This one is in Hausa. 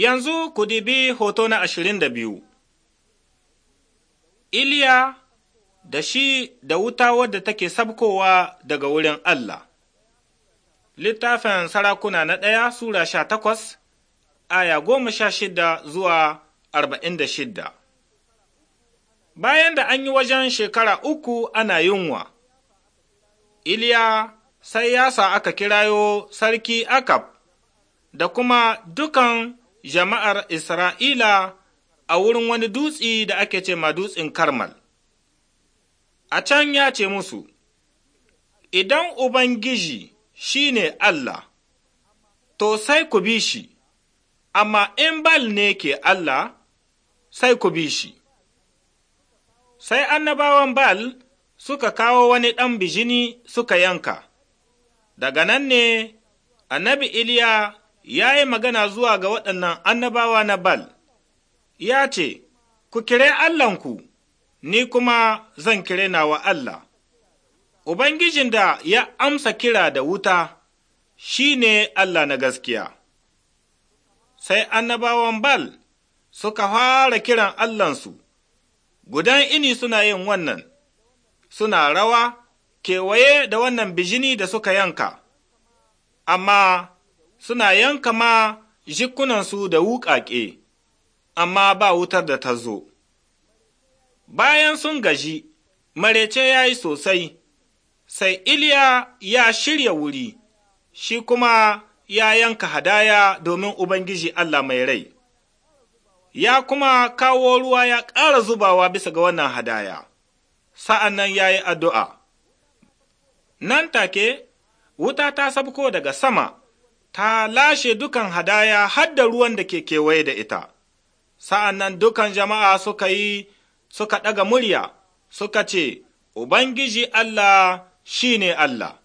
Yanzu ku dibi hoto na ashirin da biyu. Iliya da shi da wuta wadda take sabkowa daga wurin Allah. Littafin sarakuna na ɗaya Sura sha takwas, aya goma sha shida zuwa arba'in da shida. Bayan da an yi wajen shekara uku ana yunwa, Iliya sai yasa aka kirayo sarki Akab da kuma dukan jama'ar Isra'ila a wurin wani dutsi da ake ce ma dutsin Karmal. A can ya ce musu, Idan Ubangiji shi ne Allah, to sai ku bi shi, amma in bal ne ke Allah, sai ku bi shi. Sai annabawan bal suka kawo wani ɗan bijini suka yanka, daga nan ne annabi Iliya ya yi magana zuwa ga waɗannan annabawa na Bal, ya ce, Ku kire Allahnku, ni kuma zan kire wa Allah. Ubangijin da ya amsa kira da wuta shi ne Allah na gaskiya. Sai annabawan Bal suka fara kiran Allahnsu, gudan ini suna yin wannan, suna rawa kewaye da wannan bijini da suka yanka, amma suna yanka ma jikunansu da wuƙaƙe, amma ba wutar da ta zo. Bayan sun gaji, marece ya yi sosai, sai Iliya ya shirya wuri, shi kuma ya yanka hadaya domin Ubangiji Allah mai rai. Ya kuma kawo ruwa ya ƙara zubawa bisa ga wannan hadaya, sa'an nan ya yi addu'a. Nan take, wuta ta sabko daga sama, ta lashe dukan hadaya har da ruwan da ke kewaye da ita. Sa'an nan dukan jama'a suka yi suka ɗaga murya suka ce, Ubangiji Allah shi ne Allah.